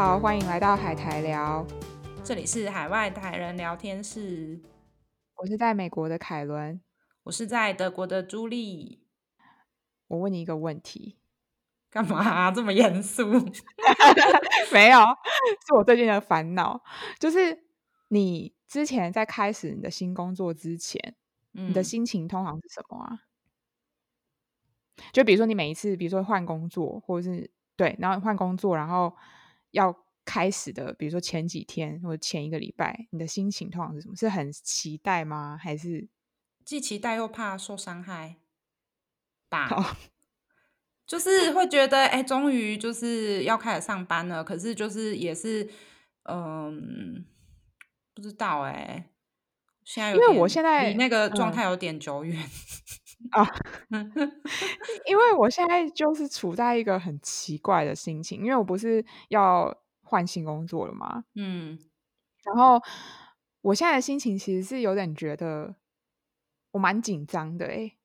好，歡迎來到海台聊，這裡是海外台人聊天室。我是在美國的凱倫，我是在德國的朱莉。我問你一個問題，幹嘛啊，這麼嚴肅？ 沒有，是我最近的煩惱，就是你之前在開始你的新工作之前、嗯，你的心情通常是什麼啊？就比如說你每一次，比如說換工作，或者是對，然後換工作，然後。要開始的，比如說前幾天或者前一個禮拜，你的心情狀況是什麼？是很期待嗎？還是既期待又怕受傷害吧？就是會覺得，哎、欸，終於就是要開始上班了。可是就是也是，嗯、呃，不知道哎、欸。現在有因為我現在離那個狀態有點久遠。嗯啊， 因為我現在就是處在一個很奇怪的心情，因為我不是要換新工作了嗎？嗯，然後我現在的心情其實是有點覺得我蠻緊張的、欸，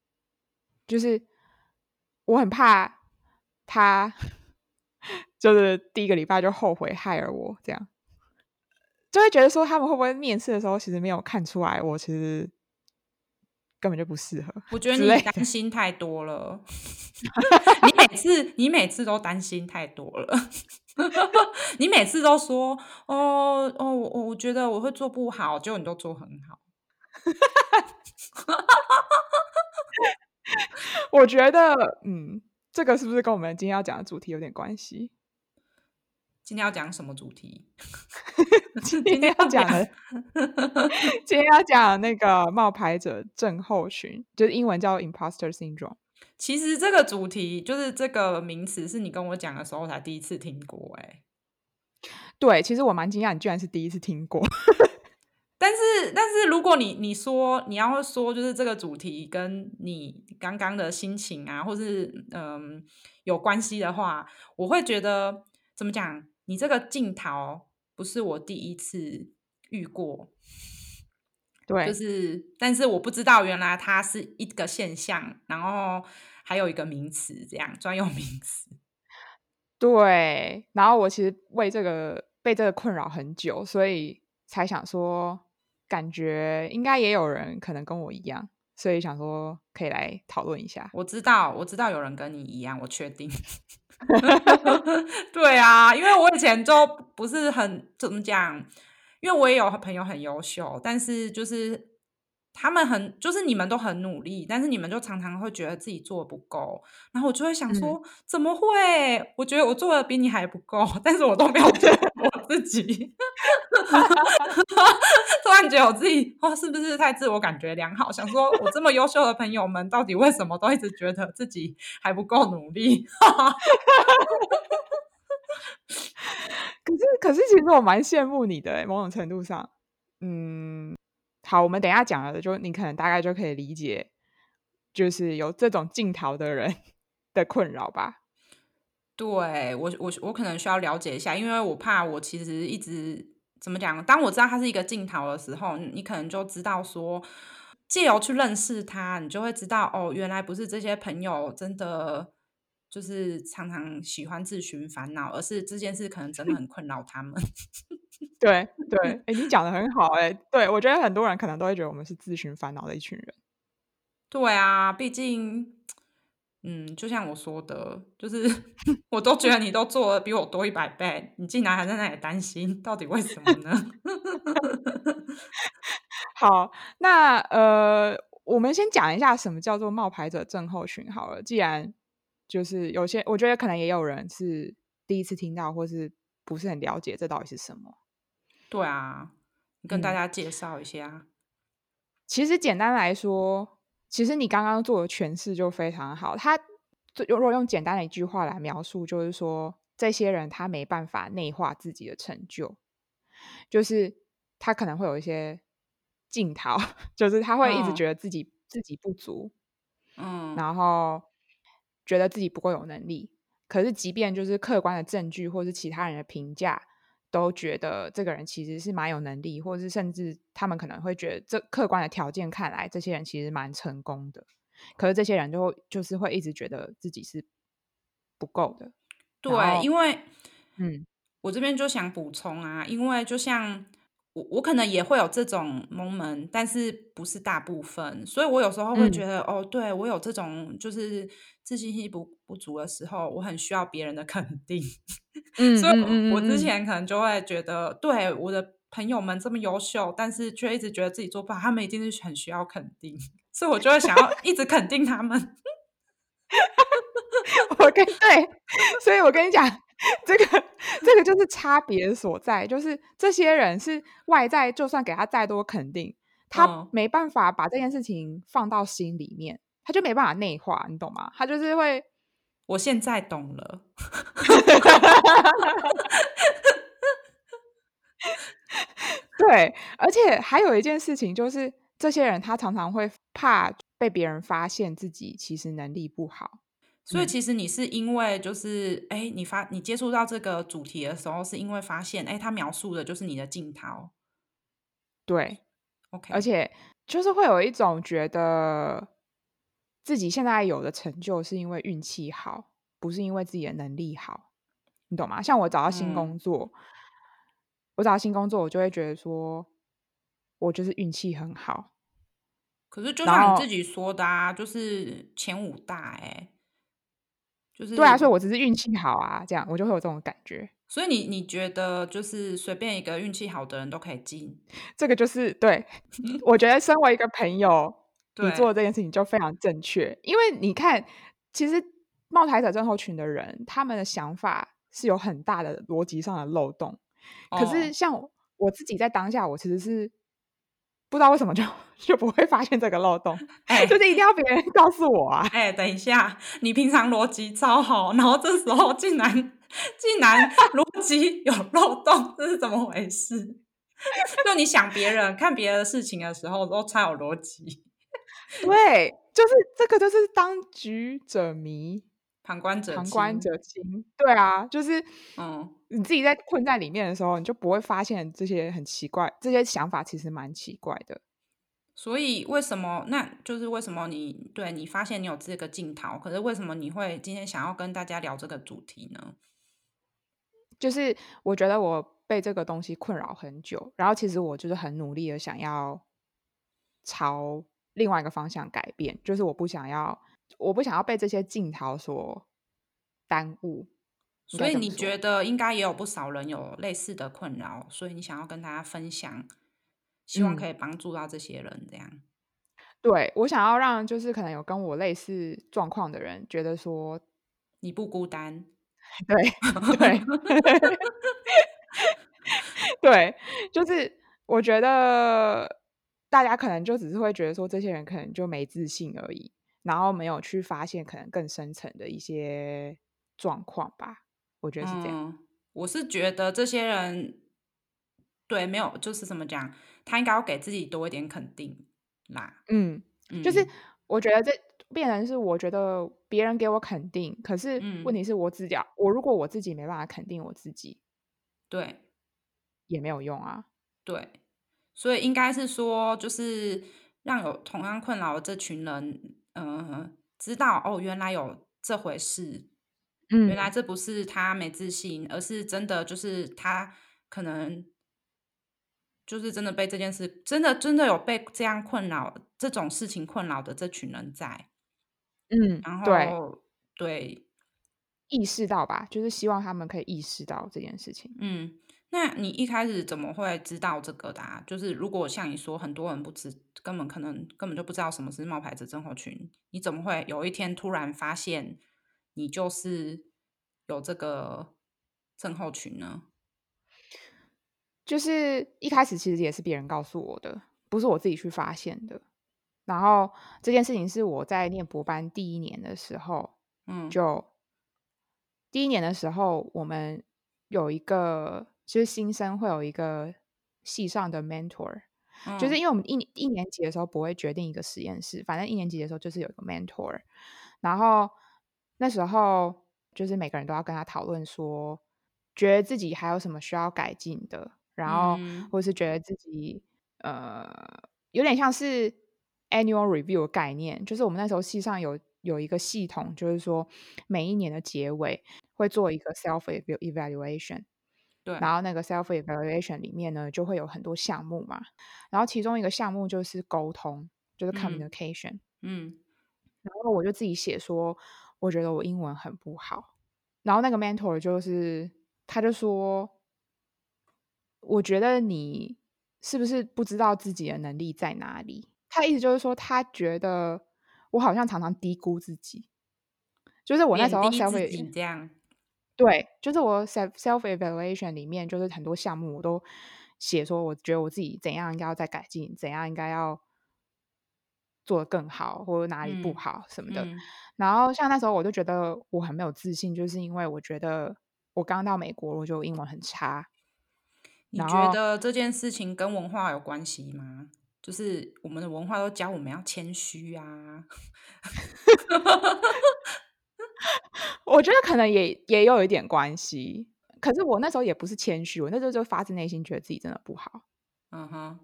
誒就是我很怕他，就是第一個禮拜就後悔 hire 我，這樣就會覺得說他們會不會面試的時候其實沒有看出來我其實。根本就不適合。我覺得你擔心太多了。 你每次，你每次都擔心太多了。 你每次都說：“哦哦，我我覺得我會做不好。”結果你都做很好。 我覺得，嗯，這個是不是跟我們今天要講的主題有點關係？今天要講什麼主題？ 今天要講， 今天要講那個冒牌者症候群，就是英文叫 imposter syndrome。其實這個主題，就是這個名詞，是你跟我講的時候才第一次聽過，欸。哎，對，其實我蠻驚訝，你居然是第一次聽過。 但是，但是如果你你說你要說，就是這個主題跟你剛剛的心情啊，或是嗯有關係的話，我會覺得怎麼講，你這個鏡頭。不是我第一次遇過，對，就是，但是我不知道原來它是一個現象，然後還有一個名詞，這樣專用名詞。對，然後我其實為這個被這個困擾很久，所以才想說，感覺應該也有人可能跟我一樣，所以想說可以來討論一下。我知道，我知道有人跟你一樣，我確定。 哈哈哈對啊，因為我以前就不是很怎麼講，因為我也有朋友很優秀，但是就是他們很，就是你們都很努力，但是你們就常常會覺得自己做的不夠，然後我就會想說、嗯，怎麼會？我覺得我做的比你還不夠，但是我都沒有對我自己。 突然覺得我自己，哇，是不是太自我感覺良好？想說，我這麼優秀的朋友們，到底為什麼都一直覺得自己還不夠努力？ 可是，可是，其實我蠻羨慕你的欸。某種程度上，嗯，好，我們等一下講了，就你可能大概就可以理解，就是有這種鏡頭的人的困擾吧。對我，我我可能需要了解一下，因為我怕我其實一直。怎麼講？當我知道他是一個鏡頭的時候，你可能就知道說，借由去認識他，你就會知道哦，原來不是這些朋友真的就是常常喜歡自尋煩惱，而是這件事可能真的很困擾他們。對 對，對欸、你講得很好、欸，哎，對我覺得很多人可能都會覺得我們是自尋煩惱的一群人。對啊，畢竟。嗯，就像我說的，就是我都覺得你都做了比我多一百倍， 你竟然還在那裡擔心，到底為什麼呢？ 好，那呃，我們先講一下什麼叫做冒牌者症候群好了。既然就是有些，我覺得可能也有人是第一次聽到，或是不是很了解這到底是什麼。對啊，跟大家介紹一下。嗯，其實簡單來說。其實你剛剛做的詮釋就非常好。他如果用簡單的一句話來描述，就是說，這些人他沒辦法內化自己的成就，就是他可能會有一些鏡頭，就是他會一直覺得自己、嗯、自己不足，嗯，然後覺得自己不夠有能力。可是即便就是客觀的證據，或是其他人的評價。都覺得這個人其實是蠻有能力，或者是甚至他們可能會覺得，這客觀的條件看來，這些人其實蠻成功的。可是這些人就就是會一直覺得自己是不夠的。對，因為嗯，我這邊就想補充啊，因為就像。我我可能也會有這種 moment，但是不是大部分，所以我有時候會覺得，嗯、哦，對我有這種就是自信心不不足的時候，我很需要別人的肯定。嗯、 所以我之前可能就會覺得，嗯、對我的朋友們這麼優秀，但是卻一直覺得自己做不好，他們一定是很需要肯定，所以我就會想要一直肯定他們。 我跟對，所以我跟你講。 這個這個就是差別所在，就是這些人是外在，就算給他再多肯定，他沒辦法把這件事情放到心裡面，他就沒辦法內化，你懂嗎？他就是會。我現在懂了。 對，而且還有一件事情，就是這些人他常常會怕被別人發現自己其實能力不好。所以其實你是因為就是哎、嗯欸，你發你接觸到這個主題的時候，是因為發現哎、欸，他描述的就是你的鏡頭，對，OK，而且就是會有一種覺得自己現在有的成就是因為運氣好，不是因為自己的能力好，你懂嗎？像我找到新工作，嗯、我找到新工作，我就會覺得說我就是運氣很好。可是就像你自己說的啊，就是前五大哎、欸。就是、對啊，所以我只是運氣好啊，這樣我就會有這種感覺。所以你你覺得就是隨便一個運氣好的人都可以進，這個就是對、嗯。我覺得身為一個朋友，你做這件事情就非常正確，因為你看，其實冒牌者症候群的人，他們的想法是有很大的邏輯上的漏洞。哦、可是像我自己在當下，我其實是。不知道為什麼就就不會發現這個漏洞，哎、欸，就是一定要別人告訴我啊！哎、欸，等一下，你平常邏輯超好，然後這時候竟然竟然邏輯有漏洞， 這是怎麼回事？就你想別人 看別的事情的時候都超有邏輯，對，就是這個就是當局者迷。旁觀者，旁觀者清。對啊，就是，嗯，你自己在困在裡面的時候，你就不會發現這些很奇怪，這些想法其實蠻奇怪的。所以為什麼？那就是為什麼你對你發現你有這個鏡頭，可是為什麼你會今天想要跟大家聊這個主題呢？就是我覺得我被這個東西困擾很久，然後其實我就是很努力的想要朝另外一個方向改變，就是我不想要。我不想要被這些鏡頭所耽誤，所以你覺得應該也有不少人有類似的困擾，所以你想要跟大家分享，希望可以幫助到這些人。這樣，嗯、對我想要讓就是可能有跟我類似狀況的人覺得說你不孤單。對對 對，就是我覺得大家可能就只是會覺得說這些人可能就沒自信而已。然後沒有去發現可能更深層的一些狀況吧，我覺得是這樣。嗯、我是覺得這些人對沒有就是怎麼講，他應該要給自己多一點肯定啦。嗯，就是我覺得這變成是我覺得別人給我肯定，可是問題是我自己，嗯，我如果我自己沒辦法肯定我自己，對，也沒有用啊。對，所以應該是說就是讓有同樣困擾的這群人。嗯、呃，知道哦，原來有這回事，嗯，原來這不是他沒自信，而是真的就是他可能就是真的被這件事，真的真的有被這樣困擾，這種事情困擾的這群人在，嗯，然後對，對，意識到吧，就是希望他們可以意識到這件事情，嗯。那你一開始怎麼會知道這個的啊？就是如果像你說，很多人不知，根本可能根本就不知道什麼是冒牌者症候群，你怎麼會有一天突然發現你就是有這個症候群呢？就是一開始其實也是別人告訴我的，不是我自己去發現的。然後這件事情是我在念博班第一年的時候，嗯，就第一年的時候我們有一個。就是新生會有一個系上的 mentor，嗯、就是因為我們一一年級的時候不會決定一個實驗室。反正一年級的時候就是有一個 mentor。然後那時候就是每個人都要跟他討論說，覺得自己還有什麼需要改進的，然後或是覺得自己，嗯、呃有點像是 annual review 的概念，就是我們那時候系上有有一個系統，就是說每一年的結尾會做一個 self evaluation。對，然後那個 self evaluation 裡面呢，就會有很多項目嘛。然後其中一個項目就是溝通，就是 communication 嗯。嗯，然後我就自己寫說，我覺得我英文很不好。然後那個 mentor 就是，他就說，我覺得你是不是不知道自己的能力在哪裡？他意思就是說，他覺得我好像常常低估自己，就是我那時候 self evaluation 這樣。對，就是我 self self evaluation 裡面，就是很多項目我都寫說，我覺得我自己怎樣應該要再改進，怎樣應該要做得更好，或者哪裡不好什麼的。嗯嗯、然後像那時候，我就覺得我很沒有自信，就是因為我覺得我剛到美國，我就英文很差。你覺得這件事情跟文化有關係嗎？就是我們的文化都教我們要謙虛啊。 我覺得可能也也有一點關係，可是我那時候也不是謙虛，我那時候就發自內心覺得自己真的不好。嗯哼，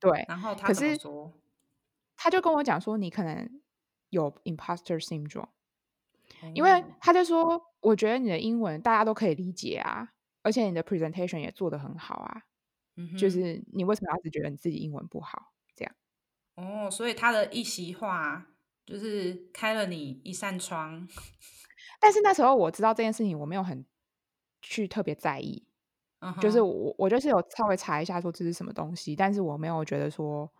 對。然後他說可是，他就跟我講說，你可能有 imposter syndrome，嗯、因為他就說，我覺得你的英文大家都可以理解啊，而且你的 presentation 也做得很好啊。嗯哼，就是你為什麼要只覺得你自己英文不好？這樣。哦，所以他的一席話就是開了你一扇窗。但是那時候我知道這件事情，我沒有很去特別在意，uh -huh. 就是我我就是有稍微查一下說這是什麼東西，但是我沒有覺得說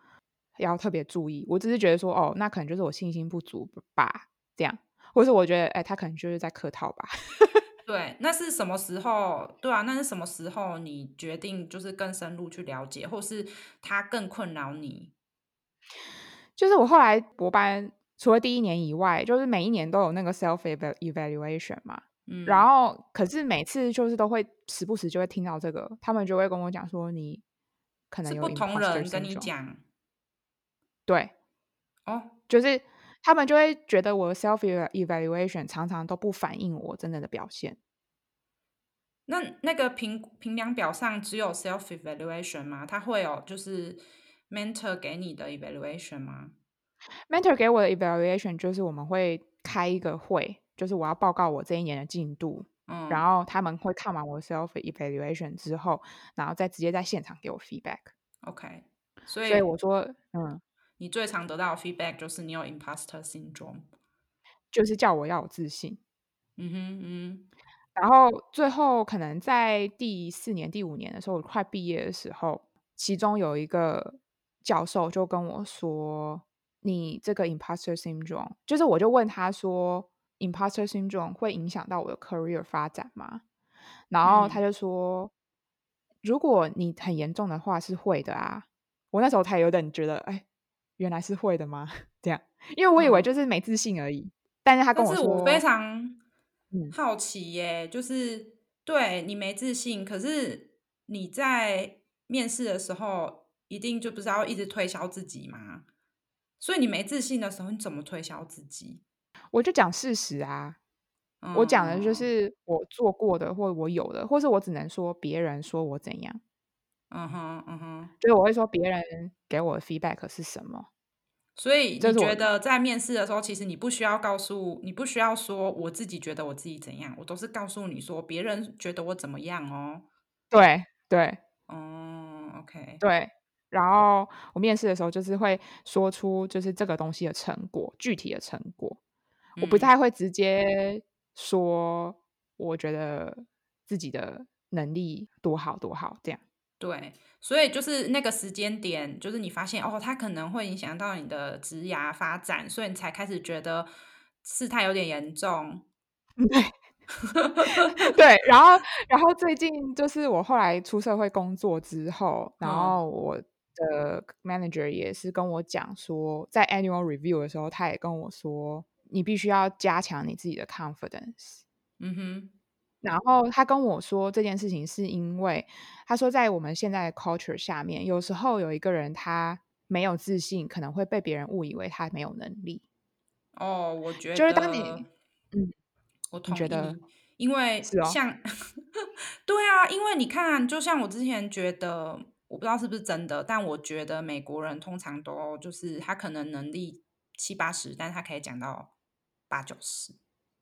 要特別注意，我只是覺得說，哦，那可能就是我信心不足吧，這樣，或是我覺得哎，欸，他可能就是在客套吧。 對，那是什麼時候？對啊，那是什麼時候你決定就是更深入去了解，或是他更困擾你？就是我後來博班。除了第一年以外，就是每一年都有那個 self evaluation 嘛、嗯，然後可是每次就是都會時不時就會聽到這個，他們就會跟我講說你可能有 imposter syndrome，是不同人跟你講，對，哦、oh.，就是他們就會覺得我的 self evaluation 常常都不反映我真正的、的表現。那那個評評量表上只有 self evaluation 嗎？它會有就是 mentor 給你的 evaluation 嗎？Mentor 給我的 evaluation 就是我們會開一個會，就是我要報告我這一年的進度，嗯，然後他們會看完我的 self evaluation 之後，然後再直接在現場給我 feedback。OK，所以，所以我說，嗯，你最常得到 feedback 就是你有 imposter syndrome，就是叫我要有自信。嗯哼嗯，然後最後可能在第四年、第五年的時候，我快畢業的時候，其中有一個教授就跟我說。你這個 imposter syndrome，就是我就問他說，imposter syndrome 會影響到我的 career 發展嗎？然後他就說，嗯、如果你很嚴重的話，是會的啊。我那時候才有點覺得，哎，原來是會的嗎？這樣，因為我以為就是沒自信而已。嗯、但是他跟我說，但是我非常好奇耶、欸嗯，就是對你沒自信，可是你在面試的時候，一定就不是要一直推銷自己嗎？所以你沒自信的時候，你怎麼推銷自己？我就講事實啊，嗯、我講的就是我做過的，或我有的，或是我只能說別人說我怎樣。嗯哼，嗯哼，就是我會說別人給我的 feedback 是什麼。所以，你覺得在面試的時候，其實你不需要告訴，你不需要說我自己覺得我自己怎樣，我都是告訴你說別人覺得我怎麼樣哦。對對。嗯，okay，對。然後我面試的時候，就是會說出就是這個東西的成果，具體的成果。嗯，我不太會直接說我覺得自己的能力多好多好這樣。對，所以就是那個時間點，就是你發現哦，它可能會影響到你的職涯發展，所以你才開始覺得事態有點嚴重。對， 對，然後，然後最近就是我後來出社會工作之後，然後我。嗯的 manager 也是跟我講說，在 annual review 的時候，他也跟我說，你必須要加強你自己的 confidence。嗯哼。然後他跟我說這件事情是因為，他說在我們現在的 culture 下面，有時候有一個人他沒有自信，可能會被別人誤以為他沒有能力。哦，我覺得就是當你，嗯，我覺得因為像，是哦、 對啊，因為你看，就像我之前覺得。我不知道是不是真的，但我覺得美國人通常都就是他可能能力七八十，但他可以講到八九十。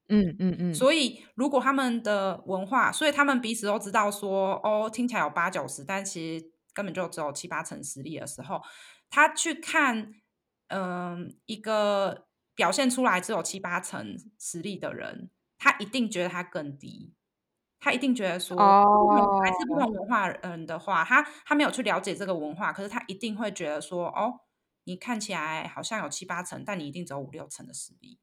嗯嗯嗯。所以如果他們的文化，所以他們彼此都知道說，哦，聽起來有八九十，但其實根本就只有七八成實力的時候，他去看，嗯、呃，一個表現出來只有七八成實力的人，他一定覺得他更低。他一定覺得說，oh. 還是不同文化人的話，他他沒有去了解這個文化，可是他一定會覺得說，哦，你看起來好像有七八成，但你一定只有五六成的實力。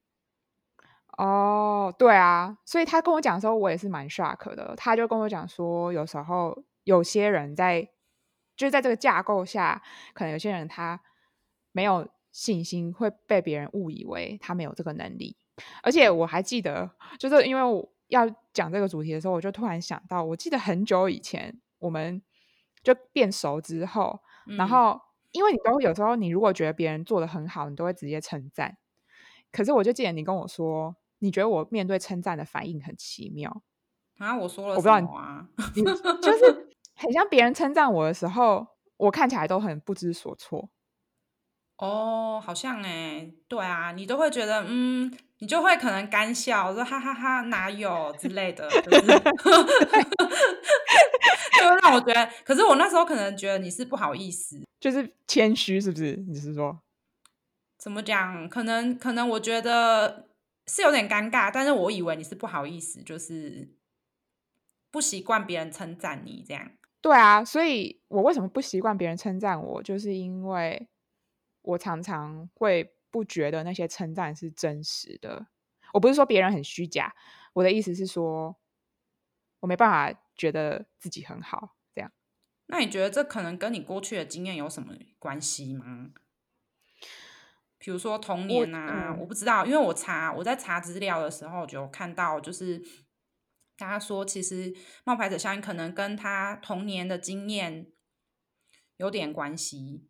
哦、oh,，對啊，所以他跟我講的時候，我也是蠻 shock 的。他就跟我講說，有時候有些人在就是在這個架構下，可能有些人他沒有信心，會被別人誤以為他沒有這個能力。而且我還記得，就是因為我。要講這個主題的時候，我就突然想到，我記得很久以前我們就變熟之後，嗯、然後因為你都有時候，你如果覺得別人做得很好，你都會直接稱讚。可是我就記得你跟我說，你覺得我面對稱讚的反應很奇妙啊！我說了什麼、啊？我不知道你你就是很像別人稱讚我的時候， 我看起來都很不知所措。哦、oh,，好像誒、欸、對啊，你都會覺得嗯。你就會可能乾笑，說哈哈哈哈，哪有之類的， 就是讓 我覺得。可是我那時候可能覺得你是不好意思，就是謙虛，是不是？你是說怎麼講？可能可能我覺得是有點尷尬，但是我以為你是不好意思，就是不習慣別人稱讚你這樣。對啊，所以我為什麼不習慣別人稱讚我？就是因為我常常會。不覺得那些稱讚是真實的。我不是說別人很虛假，我的意思是說，我沒辦法覺得自己很好。這樣，那你覺得這可能跟你過去的經驗有什麼關係嗎？比如說童年啊，我、嗯、我不知道，因為我查，我在查資料的時候，就看到就是大家說，其實冒牌者效應可能跟他童年的經驗有點關係。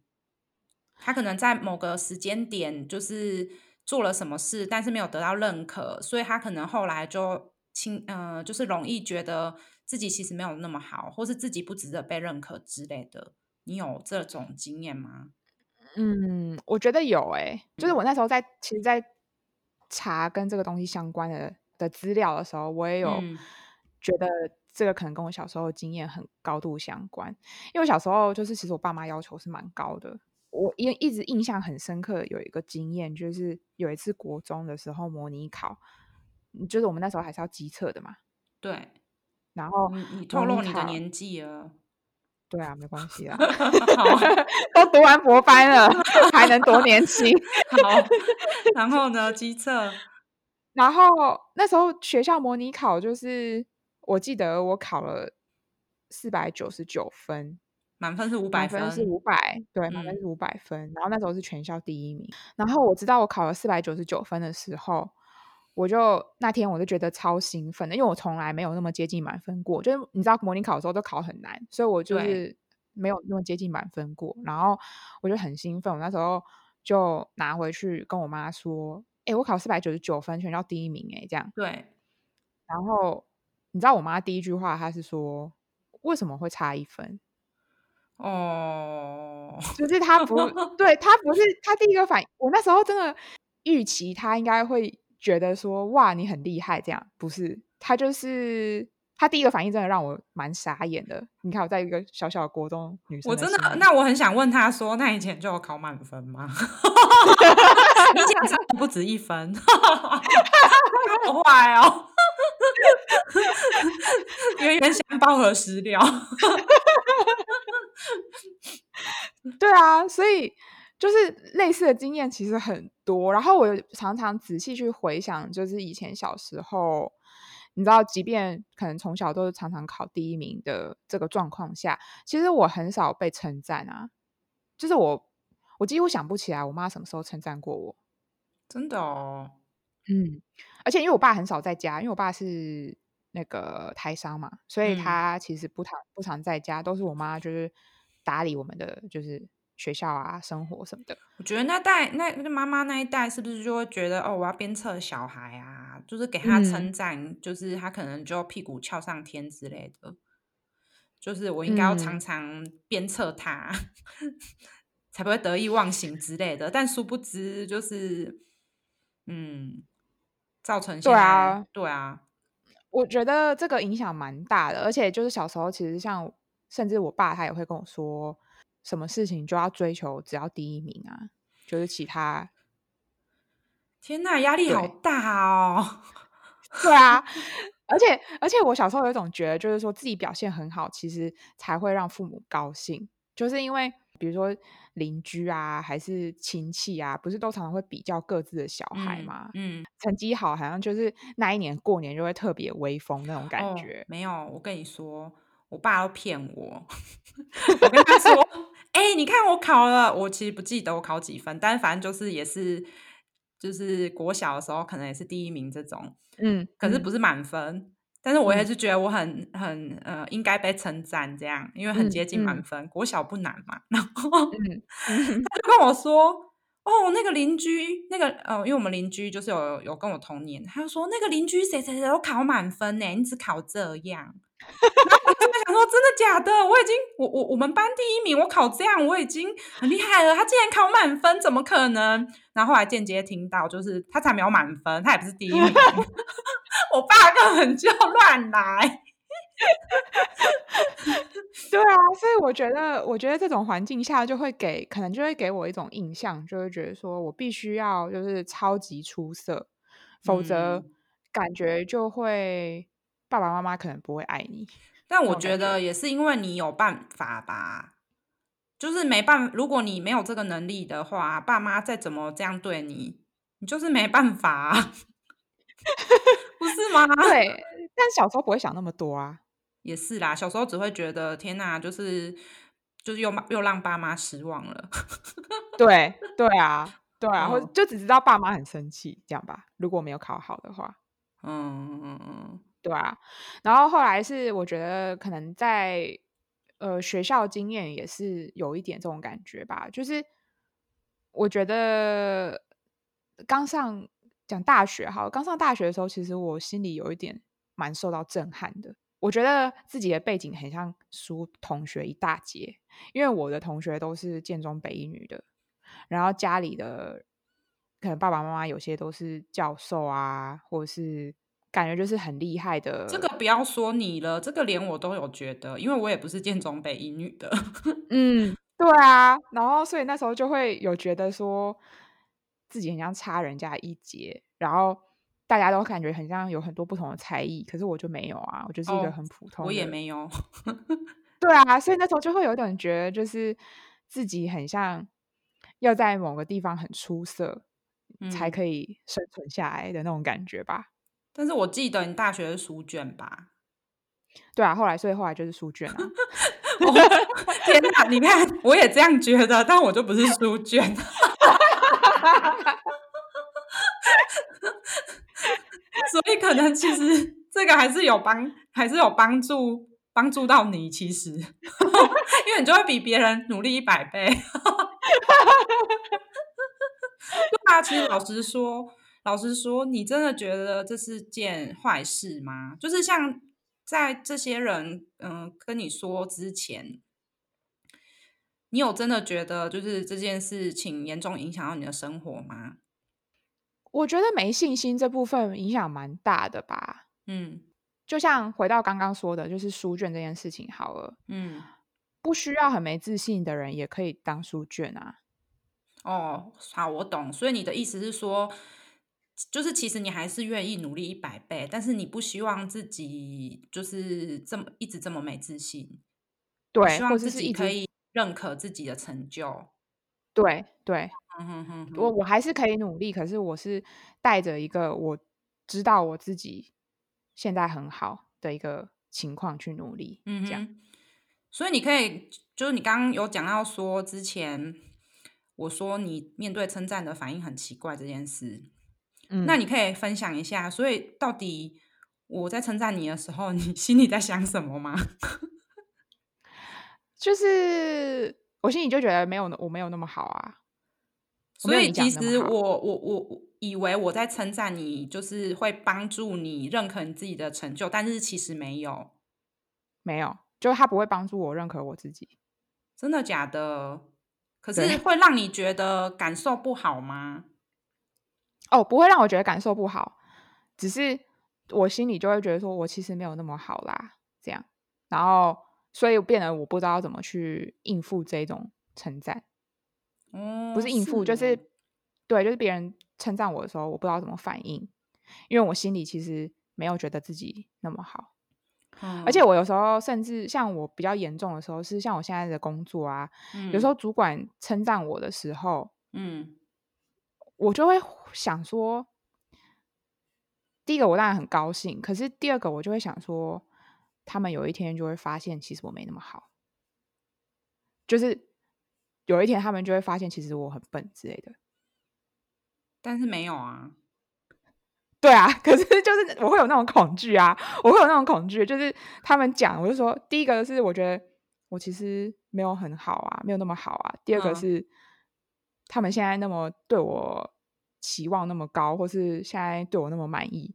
他可能在某個時間點就是做了什麼事，但是沒有得到認可，所以他可能後來就輕，呃，就是容易覺得自己其實沒有那麼好，或是自己不值得被認可之類的。你有這種經驗嗎？嗯，我覺得有誒、欸，就是我那時候在，嗯、其實，在查跟這個東西相關的的資料的時候，我也有覺得這個可能跟我小時候的經驗很高度相關，因為我小時候就是其實我爸媽要求是蠻高的。我因，一直印象很深刻，有一個經驗，就是有一次國中的時候模擬考，就是我們那時候還是要基測的嘛。對，然後你透露你的年紀了？對啊，沒關係啦， 都讀完博班了，還能多年輕？ 好，然後呢，基測，然後那時候學校模擬考，就是我記得我考了四百九十九分。滿分是五百分，滿分是五百，對，滿分是五百分，嗯。然後那時候是全校第一名。然後我知道我考了四百九十九分的時候，我就那天我就覺得超興奮的，因為我從來沒有那麼接近滿分過。就是你知道模擬考的時候都考很難，所以我就是沒有那麼接近滿分過。然後我就很興奮，我那時候就拿回去跟我媽說：“哎、欸，我考四百九十九分，全校第一名，欸！”哎，這樣。對。然後你知道，我媽第一句話她是說：“為什麼會差一分？”哦，就是他不 對，他不是他第一個反應。我那時候真的預期他應該會覺得說，哇，你很厲害這樣，不是他就是他第一個反應，真的讓我蠻傻眼的。你看我在一個小小的國中女生，我真的那我很想問他說，那以前就有考滿分嗎？ 以前真的不止一分， 好壞壞哦，冤冤相報何時了。 對啊，所以就是類似的經驗其實很多。然後我常常仔細去回想，就是以前小時候，你知道，即便可能從小都是常常考第一名的這個狀況下，其實我很少被稱讚啊。就是我，我幾乎想不起來我媽什麼時候稱讚過我。真的哦，嗯。而且因為我爸很少在家，因為我爸是那個台商嘛，所以他其實不常不常在家，嗯，都是我媽就是。打理我們的就是學校啊、生活什麼的。我覺得那代，那，那媽媽那一代是不是就會覺得哦，我要鞭策小孩啊，就是給他稱讚，嗯、就是他可能就要屁股翹上天之類的，就是我應該要常常鞭策他，嗯、 才不會得意忘形之類的。但殊不知，就是嗯，造成現在。對啊、對啊，我覺得這個影響蠻大的，而且就是小時候其實像。甚至我爸他也會跟我說，什麼事情就要追求只要第一名啊，就是其他。天吶，壓力好大哦！對，對啊， 而且而且我小時候有一種覺得，就是說自己表現很好，其實才會讓父母高興，就是因為比如說鄰居啊，還是親戚啊，不是都常常會比較各自的小孩嘛、嗯。嗯，成績好，好像就是那一年過年就會特別威風那種感覺、哦。沒有，我跟你說。我爸要騙我， 我跟他說：“哎、 欸，你看我考了，我其實不記得我考幾分，但是反正就是也是，就是國小的時候可能也是第一名這種，嗯，可是不是滿分、嗯，但是我還是覺得我很很呃應該被稱讚這樣，因為很接近滿分、嗯，國小不難嘛。嗯”然後他就跟我說：“嗯嗯、哦，那個鄰居，那個呃，因為我們鄰居就是有有跟我同年，他就說那個鄰居誰誰誰都考滿分呢、欸，你只考這樣。” 然後我就在想說，真的假的？我已經，我我我們班第一名，我考這樣，我已經很厲害了。他竟然考滿分，怎麼可能？然後後來間接聽到，就是他才沒有滿分，他也不是第一名。 我爸根本就亂來。 對啊，所以我覺得，我覺得這種環境下，就會給，可能就會給我一種印象，就會、是、覺得說我必須要就是超級出色，否則感覺就會、嗯。爸爸媽媽可能不會愛你，但我覺得也是因為你有辦法吧，就是沒辦，如果你沒有這個能力的話，爸媽再怎麼這樣對你，你就是沒辦法啊。 不是嗎？對。但小時候不會想那麼多啊，也是啦。小時候只會覺得天哪，啊，就是就是又又讓爸媽失望了， 對對啊對啊，對啊嗯，我就只知道爸媽很生氣，這樣吧。如果沒有考好的話，嗯嗯嗯。嗯對啊，然後後來是我覺得可能在呃學校經驗也是有一點這種感覺吧，就是我覺得剛上講大學哈，剛上大學的時候，其實我心裡有一點蠻受到震撼的。我覺得自己的背景很像輸同學一大截，因為我的同學都是建中北一女的，然後家裡的可能爸爸媽媽有些都是教授啊，或者是。感覺就是很厲害的。這個不要說你了，這個連我都有覺得，因為我也不是建中北一女的。嗯，對啊。然後，所以那時候就會有覺得說自己很像差人家一截，然後大家都感覺很像有很多不同的才藝，可是我就沒有啊，我就是一個很普通。Oh, 我也沒有。 對啊，所以那時候就會有一點覺得，就是自己很像要在某個地方很出色、嗯、才可以生存下來的那種感覺吧。但是我記得你大學是書卷吧？對啊，後來所以後來就是書卷我、啊 哦、天哪、啊，你看我也這樣覺得，但我就不是書卷。 所以可能其實這個還是有幫，還是有幫助幫助到你。其實， 因為你就會比別人努力一百倍。對啊，其實老實說。老實說，你真的覺得這是件壞事嗎？就是像在這些人嗯、呃、跟你說之前，你有真的覺得就是這件事情嚴重影響到你的生活嗎？我覺得沒信心這部分影響蠻大的吧。嗯，就像回到剛剛說的，就是書卷這件事情好了。嗯，不需要很沒自信的人也可以當書卷啊。哦，好，我懂。所以你的意思是說？就是其實你還是願意努力一百倍，但是你不希望自己就是這麼一直這麼沒自信，對，希望自己可以認可自己的成就，對對，嗯哼哼，我我還是可以努力，可是我是帶着一個我知道我自己現在很好的一個情況去努力，這樣，嗯哼。所以你可以就是你剛剛有講到說之前我說你面對稱讚的反應很奇怪這件事。嗯，那你可以分享一下，所以到底我在稱讚你的時候，你心裡在想什麼嗎？就是我心裡就覺得沒有，我沒有那麼好啊。所以其實我我我，我以為我在稱讚你，就是會幫助你認可你自己的成就，但是其實沒有，沒有，就他不會幫助我認可我自己。真的假的？可是會讓你覺得感受不好嗎？哦，不會讓我覺得感受不好，只是我心裡就會覺得說我其實沒有那麼好啦，這樣，然後所以變得我不知道怎麼去應付這種稱讚，嗯，不是應付，是，就是，對，就是別人稱讚我的時候，我不知道怎麼反應，因為我心裡其實沒有覺得自己那麼好，哦，而且我有時候甚至像我比較嚴重的時候，是像我現在的工作啊，嗯，有時候主管稱讚我的時候，嗯。我就會想說，第一個我當然很高興，可是第二個我就會想說，他們有一天就會發現，其實我沒那麼好，就是有一天他們就會發現，其實我很笨之類的。但是沒有啊，對啊，可是就是我會有那種恐懼啊，我會有那種恐懼，就是他們講，我就說，第一個是我覺得我其實沒有很好啊，沒有那麼好啊，第二個是。嗯他們現在那麼對我期望那麼高，或是現在對我那麼滿意，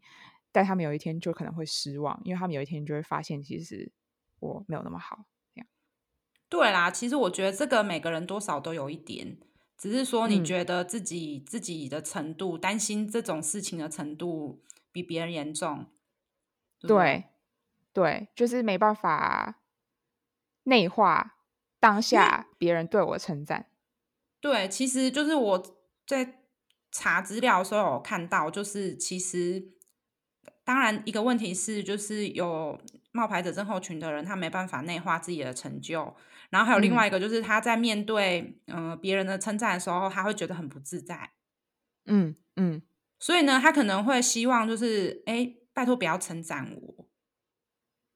但他們有一天就可能會失望，因為他們有一天就會發現，其實我沒有那麼好。這樣。對啦，其實我覺得這個每個人多少都有一點，只是說你覺得自己、嗯、自己的程度，擔心這種事情的程度比別人嚴重。是不是？對對，就是沒辦法內化當下別人對我的稱讚。嗯對，其實就是我在查資料的時候有看到，就是其實當然一個問題是，就是有冒牌者症候群的人，他沒辦法內化自己的成就，然後還有另外一個就是他在面對嗯、呃、別人的稱讚的時候，他會覺得很不自在，嗯嗯，所以呢，他可能會希望就是哎，拜託不要稱讚我，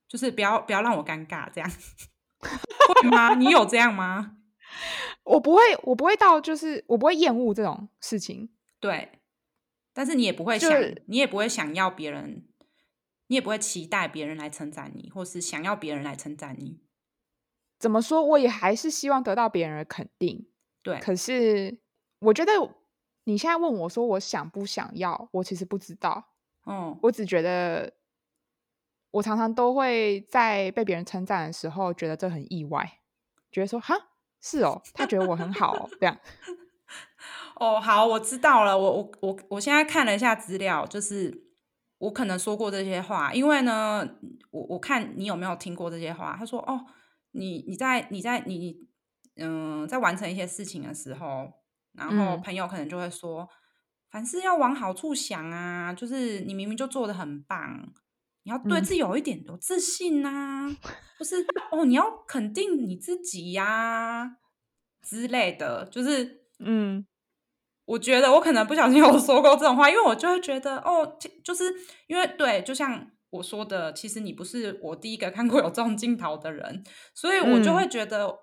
就是不要不要讓我尷尬這樣， 會嗎？你有這樣嗎？我不會，我不會到，就是我不會厭惡這種事情，對。但是你也不會想，你也不會想要別人，你也不會期待別人來稱讚你，或是想要別人來稱讚你？怎麼說？我也還是希望得到別人的肯定。對。可是我覺得你現在問我說，我想不想要？我其實不知道。嗯。我只覺得，我常常都會在被別人稱讚的時候，覺得這很意外，覺得說哈。是哦，他覺得我很好、哦，這 樣、啊。哦，好，我知道了。我我我，我現在看了一下資料，就是我可能說過這些話，因為呢，我我看你有沒有聽過這些話。他說：“哦，你你在你在你嗯、呃，在完成一些事情的時候，然後朋友可能就會說，嗯、凡事要往好處想啊，就是你明明就做得很棒。”你要對自己有一點有自信吶、啊嗯，就是哦，你要肯定你自己呀、啊、之類的，就是嗯，我覺得我可能不小心有說過這種話，因為我就會覺得哦，就是因為對，就像我說的，其實你不是我第一個看過有這種鏡頭的人，所以我就會覺得、嗯、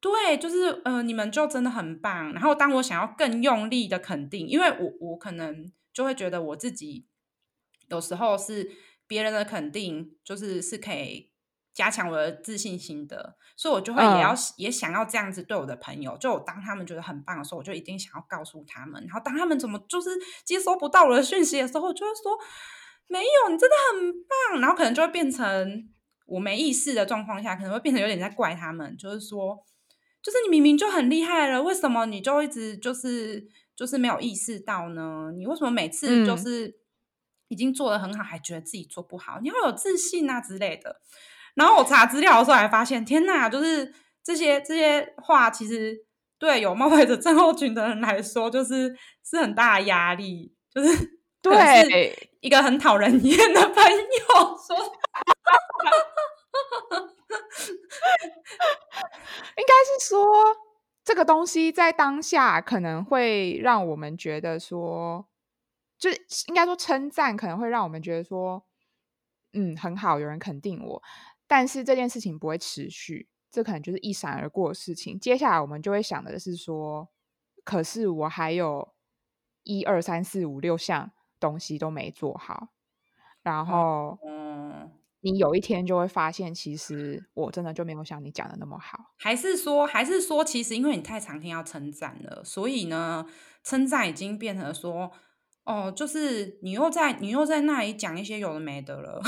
對，就是嗯、呃，你們就真的很棒。然後當我想要更用力的肯定，因為我我可能就會覺得我自己有時候是。別人的肯定就是是可以加強我的自信心的，所以我就會也要、Oh. 也想要這樣子對我的朋友。就我當他們覺得很棒的時候，我就一定想要告訴他們。然後當他們怎麼就是接收不到我的訊息的時候，就會說，沒有，你真的很棒。然後可能就會變成我沒意識的狀況下，可能會變成有點在怪他們，就是說，就是你明明就很厲害了，為什麼你就一直就是就是沒有意識到呢？你為什麼每次就是？嗯已經做得很好，還覺得自己做不好，你要有自信啊之類的。然後我查資料的時候還發現，天哪，就是這些這些話，其實對有冒牌者症候群的人來說，就是是很大的壓力。就是對一個很討人厭的朋友說， 應該是說這個東西在當下可能會讓我們覺得說。就是應該說稱讚可能會讓我們覺得說，嗯，很好，有人肯定我，但是這件事情不會持續，這可能就是一閃而過的事情。接下來我們就會想的是說，可是我還有一二三四五六項東西都沒做好，然後，嗯，嗯，你有一天就會發現，其實我真的就沒有像你講的那麼好，還是說，還是說，其實因為你太常聽到稱讚了，所以呢，稱讚已經變成說。哦，就是你又在你又在那裡講一些有的沒的了， 哦，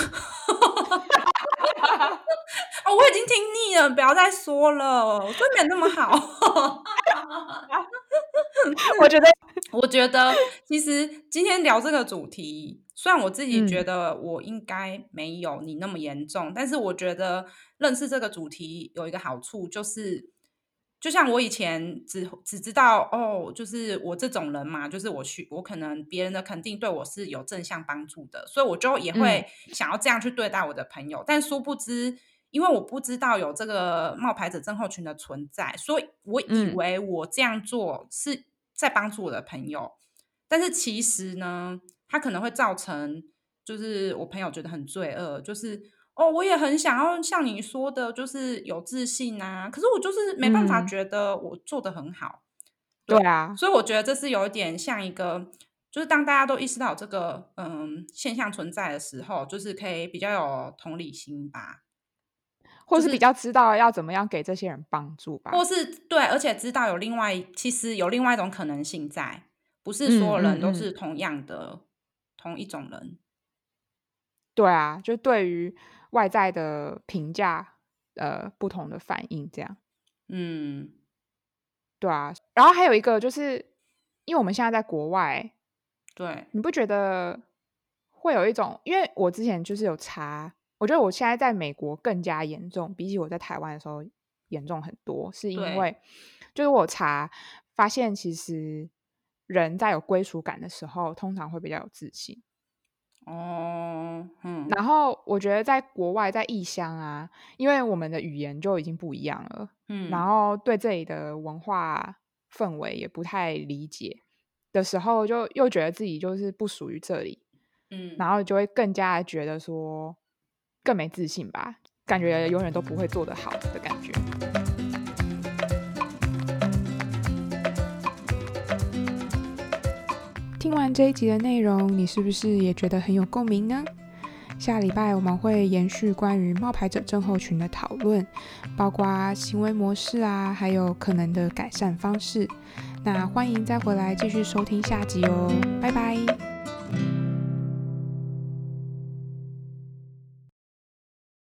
我已經聽膩了，不要再說了，我真沒那麼好。 我覺得， 我覺得其實今天聊這個主題，雖然我自己覺得我應該沒有你那麼嚴重，嗯，但是我覺得認識這個主題有一個好處就是。就像我以前只只知道哦，就是我這種人嘛，就是我去我可能別人的肯定對我是有正向幫助的，所以我就也會想要這樣去對待我的朋友、嗯。但殊不知，因為我不知道有這個冒牌者症候群的存在，所以我以為我這樣做是在幫助我的朋友、嗯，但是其實呢，他可能會造成就是我朋友覺得很罪惡，就是。哦，我也很想要像你說的，就是有自信啊。可是我就是沒辦法覺得我做得很好、嗯對。對啊，所以我覺得這是有點像一個，就是當大家都意識到這個嗯現象存在的時候，就是可以比較有同理心吧，或是比較知道要怎麼樣給這些人幫助吧，就是、或是對，而且知道有另外，其實有另外一種可能性在，不是所有人都是同樣的、嗯、同一種人、嗯嗯嗯。對啊，就對於。外在的評價，呃，不同的反應，這樣，嗯，對啊。然後還有一個就是，因為我們現在在國外，對，你不覺得會有一種？因為我之前就是有查，我覺得我現在在美國更加嚴重，比起我在台灣的時候嚴重很多，是因為就是我查發現，其實人在有歸屬感的時候，通常會比較有自信。哦，嗯， 然後我覺得在國外、在異鄉啊，因為我們的語言就已經不一樣了，嗯，然後對這裡的文化氛圍也不太理解的時候，就又覺得自己就是不屬於這裡，嗯，然後就會更加覺得說更沒自信吧，感覺永遠都不會做得好的的感覺。聽完這一集的內容，你是不是也覺得很有共鳴呢？下禮拜我們會延續關於冒牌者症候群的討論，包括行為模式啊，還有可能的改善方式。那歡迎再回來繼續收聽下集哦，拜拜。